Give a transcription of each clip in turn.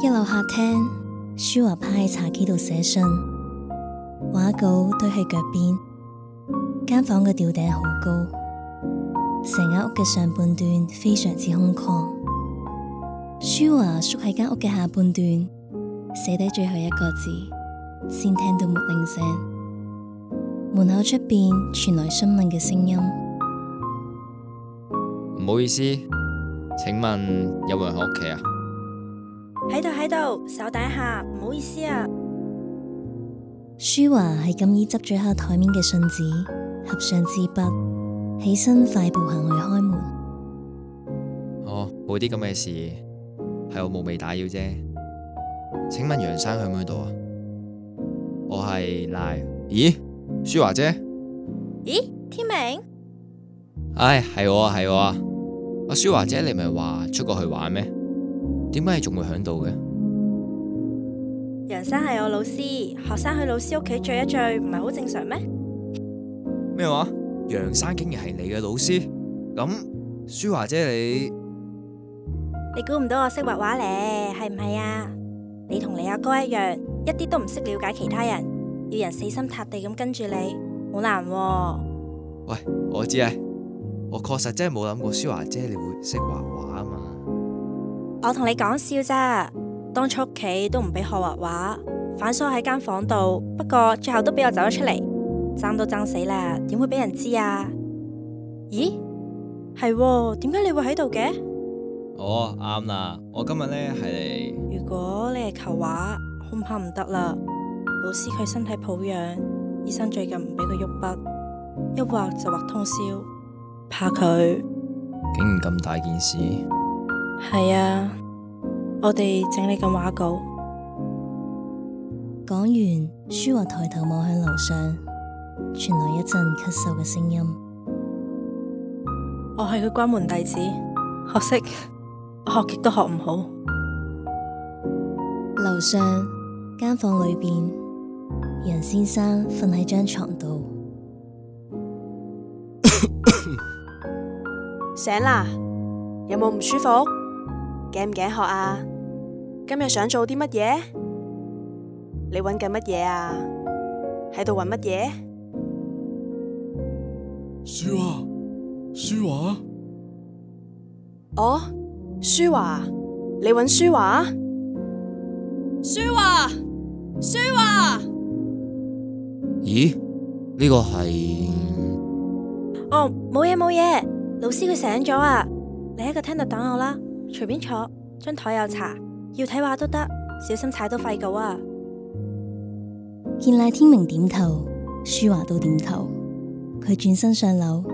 一樓客廳，舒樺趴喺茶几度寫信，畫稿堆喺腳邊。間房嘅吊頂好高，成間屋嘅上半段非常之空曠。舒樺縮喺間屋嘅下半段，寫低最後一個字，先聽到門鈴聲。門口出邊傳來詢問嘅聲音：唔好意思，請問有冇人喺屋企啊？喺度喺度，手底下，唔好意思啊。舒華係咁依執住下台面嘅信紙，合上支筆，起身快步行去開門。哦，冇啲咁嘅事，係我冒昧打擾啫。請問楊生喺唔喺度啊？我係賴。咦，舒華姐？咦，天明？唉，係我啊，係我啊。阿舒華姐，你唔係話出過去玩咩？點解你仲會響度嘅？楊生係我老師，學生去老師屋企聚一聚，唔係好正常咩？咩話？楊生竟然係你嘅老師？咁，舒華姐你，你估唔到我識畫畫咧，係唔係啊？你同你阿哥一樣，一啲都唔識了解其他人，要人死心塌地咁跟住你，好難。喂，我知啊，我確實真係冇諗過舒華姐你會識畫畫啊嘛。我同你講笑啫，當初屋企都唔俾學畫畫，反鎖喺間房度，不過最後都俾我走咗出嚟，爭都爭死啦，點會俾人知啊？咦，係喎，點解你會喺度嘅？哦，啱啦，我今日咧係嚟，如果你係求畫，恐怕唔得啦，老師佢身體抱養，醫生最近唔俾佢喐筆，一畫就畫通宵，怕佢竟然咁大件事。係啊，我哋整理緊畫稿。講完，舒樺抬頭望向樓上，傳來一陣咳嗽嘅聲音。我係佢關門弟子，可惜學極都學唔好。樓上房間房裏邊，楊先生瞓喺張床度， 醒啦，有冇唔舒服？驚唔驚學啊？今日想做啲乜嘢？你揾緊乜嘢啊？喺度揾乜嘢？書啊，舒桦。哦，舒桦，你揾舒桦？舒桦，舒桦。咦？呢、這個係？哦，冇嘢冇嘢，老師佢醒咗啊！你喺個廳度等我啦。隨便坐，張台有茶，要睇畫都得，小心踩到廢稿啊！見賴天明點頭，舒華都點頭。佢轉身上樓，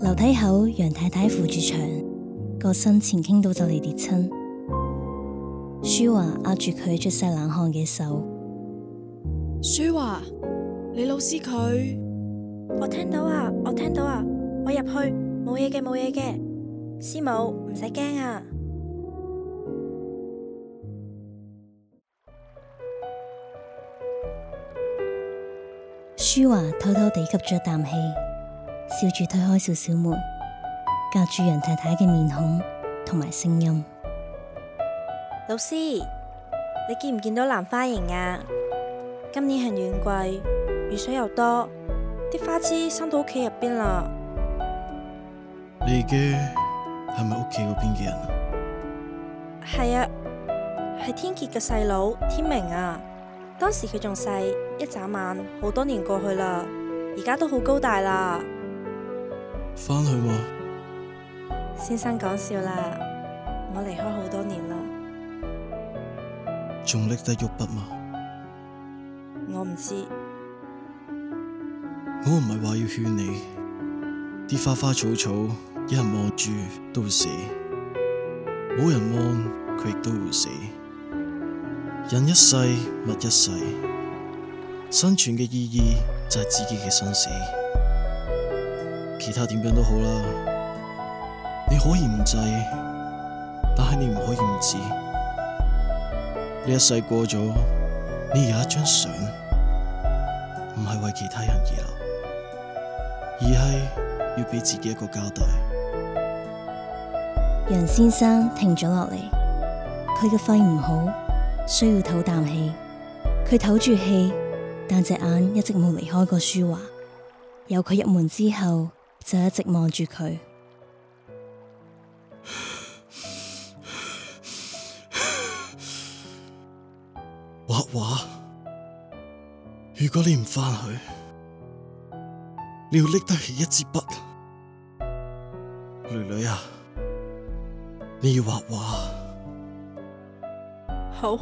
樓梯口楊太太扶住牆，個身前傾到就嚟跌親。舒華握住佢出晒冷汗嘅手。舒華，你老師佢，我聽到啊，我聽到啊，我入去，冇嘢嘅，冇嘢嘅。師母，唔使驚啊！舒樺偷偷地吸咗啖氣，笑住推開少少門，隔住楊太太嘅面孔同埋聲音。老師，你見唔見到藍花楹啊？今年係暖季，雨水又多，啲花枝生到屋企入邊啦。係咪屋企嗰邊嘅人啊？係啊，係天杰嘅細佬天明啊！當時佢仲細，一眨眼，好多年過去啦，而家都好高大啦。翻去？先生講笑啦，我離開好多年啦。仲拎得喐筆嘛？我唔知。我唔係話要勸你啲花花草草。有人望住都會死，冇人望佢亦都會死。人一世，物一世，生存嘅意義就係自己嘅生死。其他點樣都好啦，你可以唔制，但係你唔可以唔止。呢一世過咗，你有一張相，唔係為其他人而留，而係要畀自己一個交代。楊先生停咗落嚟，佢嘅肺唔好，需要唞啖氣。佢唞住氣，但隻眼一直冇離開過書畫。由佢入門之後，就一直望住佢畫畫。如果你唔翻去，你要拎得起一支筆，女女啊！你要畫畫，好，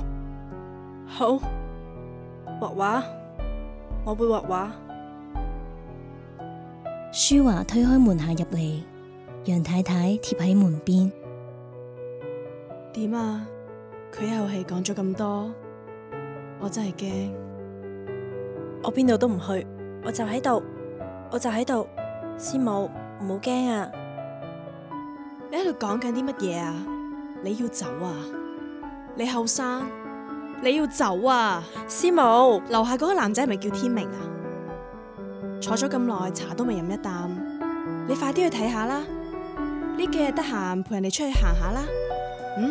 好，畫畫，我會畫畫。舒樺推開門下入嚟，楊太太貼喺門邊。點啊？佢又係講咗咁多，我真係驚。我邊度都唔去，我就喺度，我就喺度。師母唔好驚啊！你喺度講緊啲乜嘢啊？你要走啊？你後生，你要走啊？師母，樓下嗰個男仔係咪叫天明啊？坐咗咁耐，茶都未飲一啖，你快啲去睇下啦！呢幾日得閒，陪人哋出去行下啦。嗯，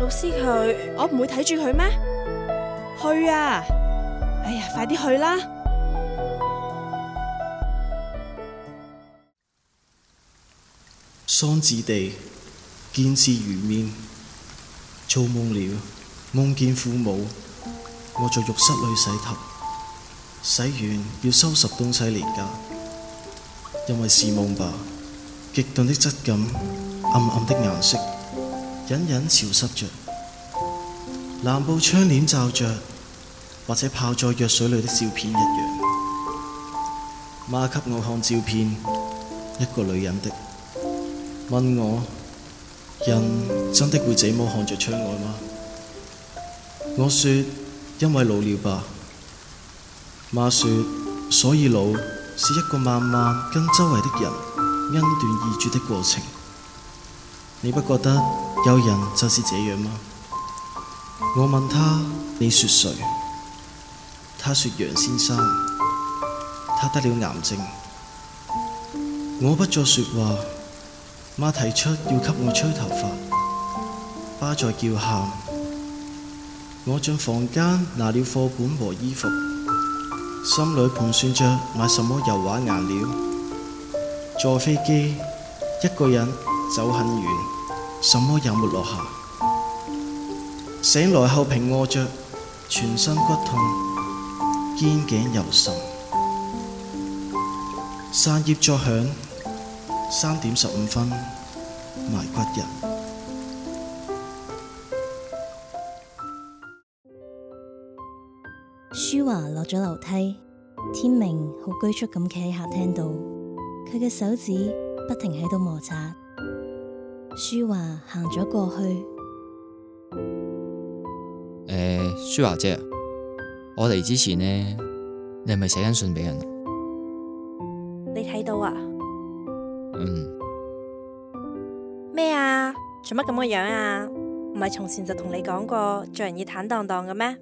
老師佢，我唔會睇住佢咩？去啊！哎呀，快啲去啦！桑稚地見字如面，做夢了，夢見父母。我在浴室裏洗頭，洗完要收拾東西離家，因為是夢吧。極鈍的質感，暗暗的顏色，隱隱潮濕着。藍布窗簾罩着，或者泡在藥水裏的照片一樣。媽給我看照片，一個女人的。問我，人真的會這麼看着窗外嗎？我說，因為老了吧。媽說，所以老是一個慢慢跟周圍的人恩斷義絕的過程。你不覺得有人就是這樣嗎？我問他，你說誰？他說楊先生，他得了癌症。我不再說話。媽提出要給我吹頭髮，爸在叫喊。我進房間拿了課本和衣服，心裏盤算着買什麼油畫顏料。坐飛機，一個人走很遠，什麼也沒落下。醒來後平臥着，全身骨痛，肩頸又沉。扇葉作響。三點十五分埋骨人，舒華落咗樓梯，天明好拘束咁企喺客廳度，佢嘅手指不停喺度摩擦。舒華行咗過去，呃、舒華姐，我嚟之前呢，你係咪寫緊信畀人？你睇到啊？咩、嗯、啊？做乜咁嘅樣啊？唔係從前就同你講過做人要坦蕩蕩嘅咩？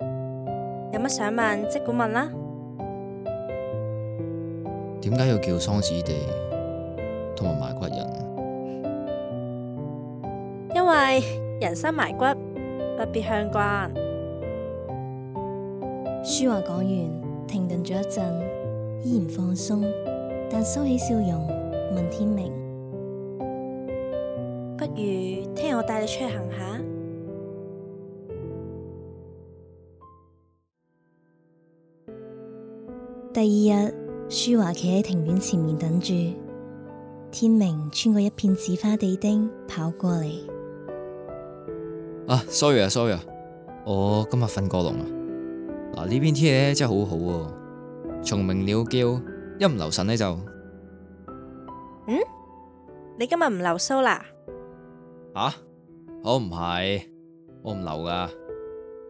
有乜想問即管問啦。點解要叫桑梓地同埋埋骨人？因為人生埋骨，不必向關。書話說話講完，停頓咗一陣，依然放鬆，但收起笑容。問天明，不如聽日我帶你出去行下。第二日，舒樺企喺庭院前面等住，天明穿過一片紫花地丁跑過嚟。啊，sorry 啊，sorry 啊，我今日瞓過龍啊。嗱、啊，呢邊天氣真係好好哦，蟲鳴鳥叫，一唔留神呢就。嗯，你今日唔留鬚啦？啊，我唔係，我唔留噶。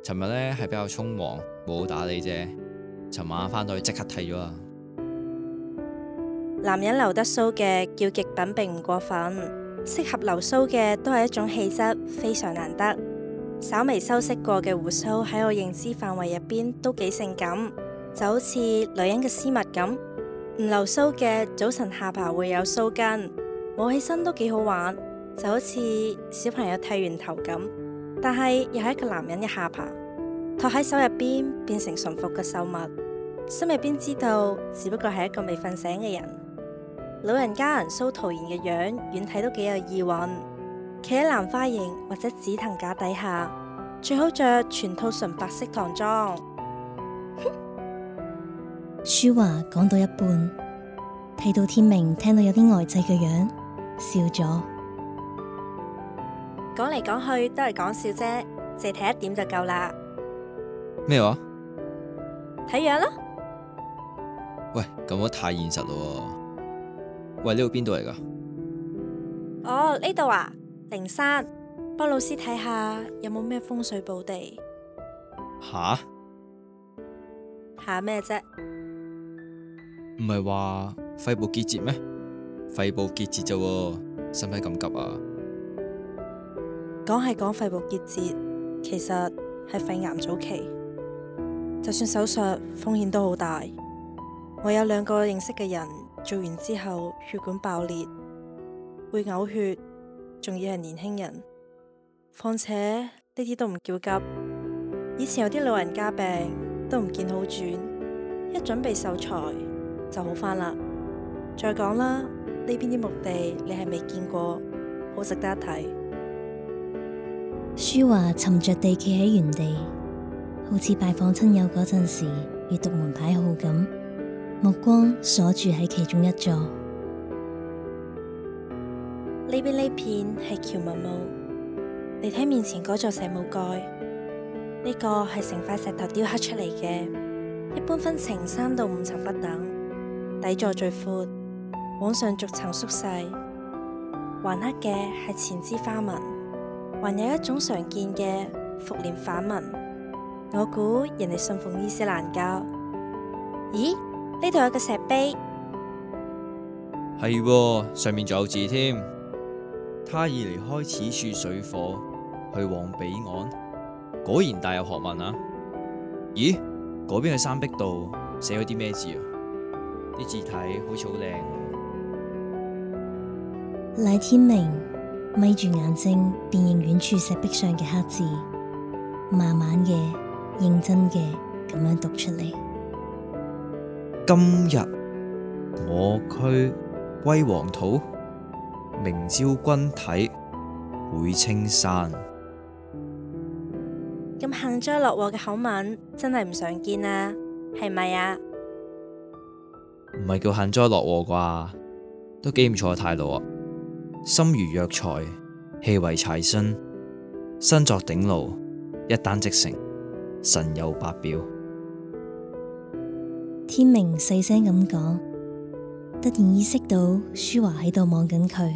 尋日呢係比較匆忙，冇打理啫。尋晚翻到去即刻剃咗啦。男人留得鬚嘅叫極品，並唔過分。適合留鬚嘅都係一種氣質，非常難得。稍微修飾過嘅鬍鬚喺我認知範圍入邊都幾性感，就好似女人嘅絲襪咁。唔留須嘅早晨下巴會有鬚根，摸起身都幾好玩，就好似小朋友剃完頭咁。但係又係一個男人嘅下巴，托喺手入邊變成馴服嘅壽物，心入邊知道只不過係一個未瞓醒嘅人。老人家人須陶然嘅樣，遠睇都幾有意蘊。企喺蘭花形或者紫藤架底下，最好着全套純白色唐裝。 舒樺講到一半，睇到天明，聽到有啲呆滯嘅樣，笑咗。講嚟講去都係講笑啫，淨睇一點就夠啦。咩話？睇樣啦。喂，咁我太現實咯。喂，呢度邊度嚟噶？哦，呢度啊，靈山，幫老師睇下有冇咩風水寶地。吓？吓咩啫？唔係話肺部結節咩？肺部結節咋，使唔使咁急啊？講係講肺部結節，其實係肺癌早期，就算手術風險都好大。我有兩個認識嘅人做完之後血管爆裂，會嘔血，仲要係年輕人。況且呢啲都唔叫急。以前有啲老人家病都唔見好轉，一準備受裁。就好翻啦。再講啦，呢邊啲墓地你係未見過，好值得一睇。舒樺沉着地企喺原地，好似拜訪親友嗰陣時閱讀門牌號咁，目光鎖住喺其中一座。呢邊呢片係喬文墓，你睇面前嗰座石墓蓋，呢、呢個係成塊石頭雕刻出嚟嘅，一般分成三到五層不等。底座最闊，往上逐層縮細。環刻嘅係纏枝花紋，還有一種常見嘅復聯反紋。我估人哋信奉伊斯蘭教。咦？呢度有個石碑，係喎，上面仲有字添。他已離開此處水火，去往彼岸。果然大有學問啊！咦？嗰邊嘅山壁度寫咗啲咩字啊？啲字體好似好靚。賴天明眯住眼睛，辨認遠處石壁上嘅黑字，慢慢嘅、認真嘅咁樣讀出嚟。今日我軀歸黃土，明朝君體會青山。咁幸災樂禍嘅口吻真係唔常見啊，係咪啊？唔係叫幸災樂禍啩，都幾唔錯嘅態度啊！心如藥材，氣為柴薪，身作鼎爐，一丹即成，神有八表。天明細聲咁講，突然意識到舒樺喺度望緊佢，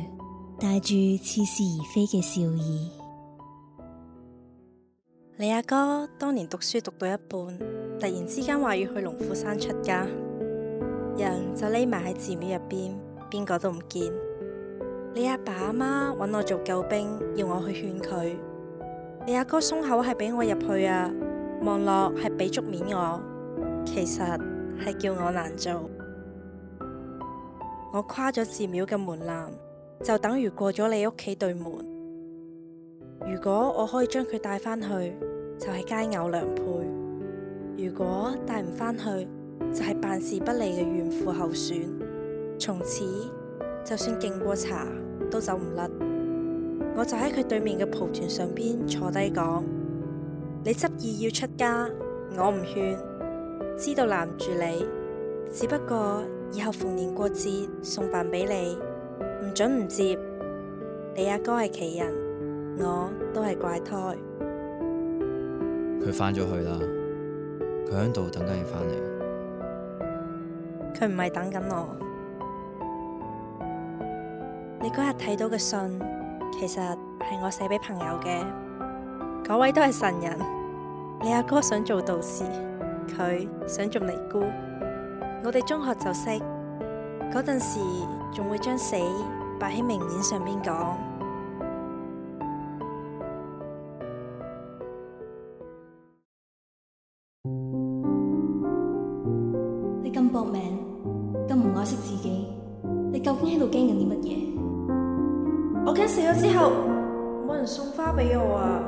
帶住似是而非嘅笑意。你阿哥,哥當年讀書讀到一半，突然之間話要去龍虎山出家。人就匿埋喺寺廟入邊，邊個都唔見。你阿爸阿媽揾我做救兵，要我去勸佢。你阿哥鬆口係俾我入去啊，望落係俾足面我，其實係叫我難做。我跨咗寺廟嘅門檻，就等於過咗你屋企對門。如果我可以將佢帶翻去，就係佳偶良配；如果帶唔翻去，就係辦事不利嘅怨婦候選，從此就算敬過茶都走唔甩。我就喺佢對面嘅蒲團上邊坐低講：你執意要出家，我唔勸，知道攔住你，只不過以後逢年過節送飯俾你，唔準唔接。你阿哥係奇人，我都係怪胎。佢翻咗去啦，佢喺度等緊你翻嚟。佢唔係等緊我，你嗰日睇到嘅信，其實係我寫俾朋友嘅，嗰位都係神人。你阿哥，哥想做道士，佢想做尼姑，我哋中學就識，嗰陣時仲會將死擺喺明面上邊講。Yeah. 我驚死咗之後冇人送花畀我啊！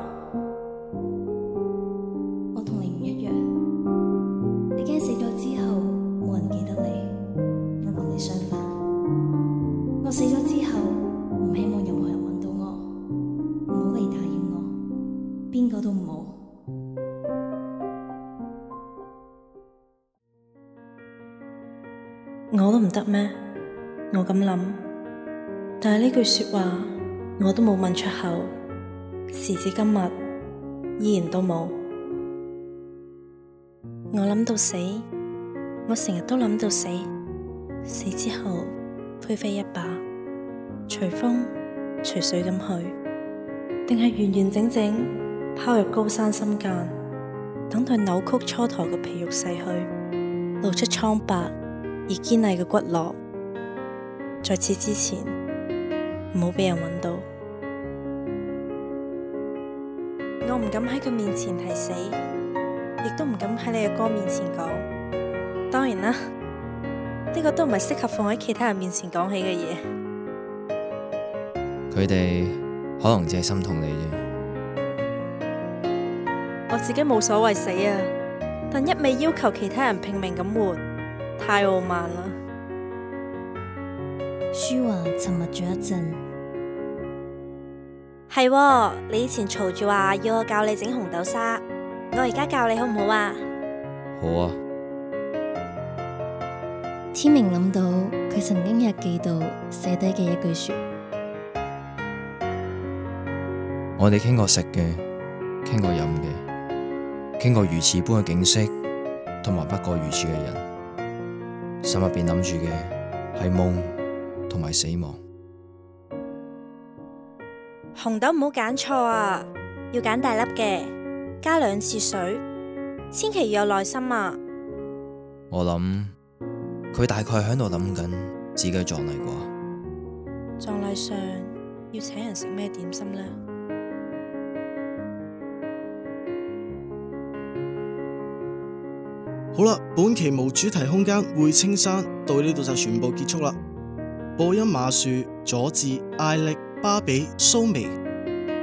我同你唔一樣，你驚死咗之後冇人記得你，我同你相反。我死咗之後唔希望任何人揾到我，唔好嚟打擾我，邊個都唔好。我都唔得咩？我咁諗。但係呢句說話我都冇問出口，時至今日依然都冇。我諗到死，我成日都諗到死。死之後，飛灰一把，隨風隨水咁去，定係完完整整拋入高山深澗，等待扭曲蹉跎嘅皮肉逝去，露出蒼白而堅毅嘅骨骼。在此之前。唔好俾人揾到。我唔敢喺佢面前提死，亦都唔敢喺你阿哥面前講。當然啦，呢個都唔係適合放喺其他人面前講起嘅嘢。佢哋可能只係心痛你啫。我自己冇所謂死啊，但一味要求其他人拼命咁活，太傲慢啦。舒樺沉默咗一陣。係、哦，你以前嘈住話要我教你整紅豆沙，我而家教你好唔好,好啊？好啊。天明諗到佢曾經日記度寫低嘅一句說話：我哋傾過食嘅，傾過飲嘅，傾過如此般嘅景色，同埋不過如此嘅人，心入邊諗住嘅係夢同埋死亡。紅豆唔好揀錯啊，要揀大粒嘅，加兩次水，千祈要有耐心啊。我諗佢大概喺度諗緊自己嘅葬禮啩。葬禮上要請人食咩點心呢？好啦，本期無主題空間會青山到呢度就全部結束啦。播音麻薯、佐治、艾力。芭比、蘇眉、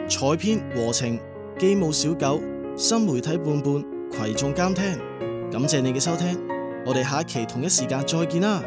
採編、禾呈、機務、小玖、新媒體、胖胖、群眾監聽，感謝你嘅收聽，我哋下期同一時間再見啦。